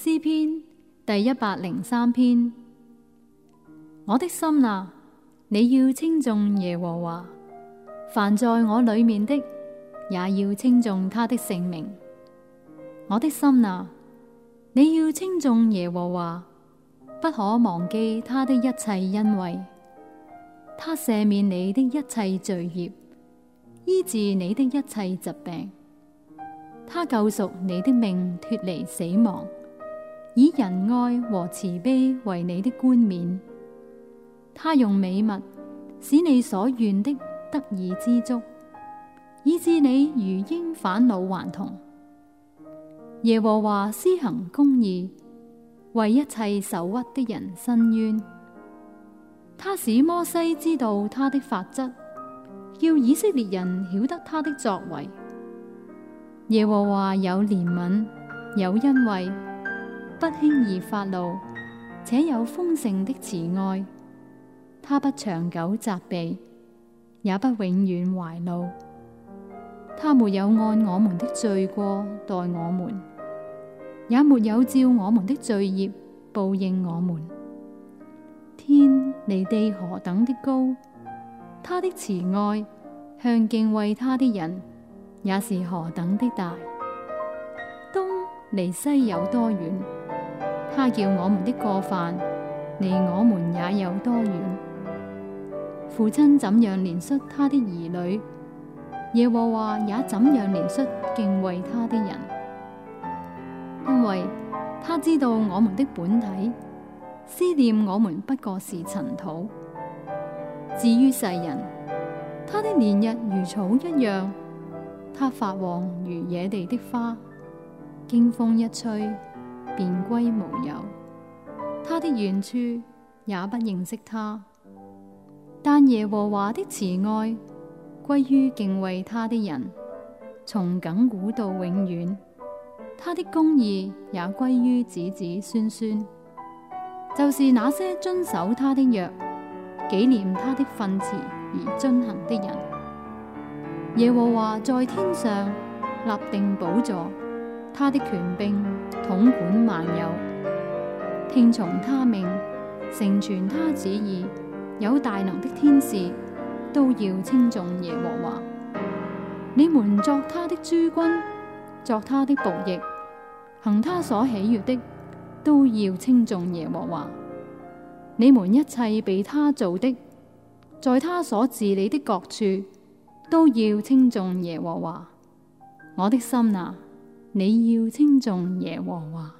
詩篇第一百零三篇：我的心啊，你要稱頌耶和華；凡在我裏面的，也要稱頌他的聖名。我的心啊，你要稱頌耶和華，不可忘記他的一切恩惠，他赦免你的一切罪孽，醫治你的一切疾病，他救贖你的命，脫離死亡。以仁愛和慈悲為你的冠冕，他用美物使你所願的得以知足，以致你如鷹返老還童。耶和華施行公義，為一切受屈的人伸冤。他使摩西知道他的法則，叫以色列人曉得他的作為。耶和華有憐憫，有恩惠。不輕易發怒，且有豐盛的慈愛。他不長久責備，也不永遠懷怒。他沒有按我們的罪過待我們，也沒有照我們的罪孽報應我們。天離地何等的高，他的慈愛向敬畏他的人也是何等的大。東離西有多遠？他叫我們的過犯離我們也有多遠？父親怎樣憐恤他的兒女，耶和華也怎樣憐恤敬畏他的人，因為他知道我們的本體，思念我們不過是塵土。至於世人，他的年日如草一樣，他發旺如野地的花，經風一吹。便歸無有，他的原處也不認識他。但耶和華的慈愛歸於敬畏他的人，從亘古到永遠。他的公義也歸於子子孫孫，就是那些遵守他的約、紀念他的訓詞而遵行的人。耶和華在天上立定寶座。他的權柄統管萬有，聽從他命，成全他旨意。有大能的天使，都要稱頌耶和華。你們作他的諸軍，作他的僕役，行他所喜悅的，都要稱頌耶和華。你們一切被他做的，在他所治理的各處，都要稱頌耶和華。我的心哪。你要稱頌耶和華。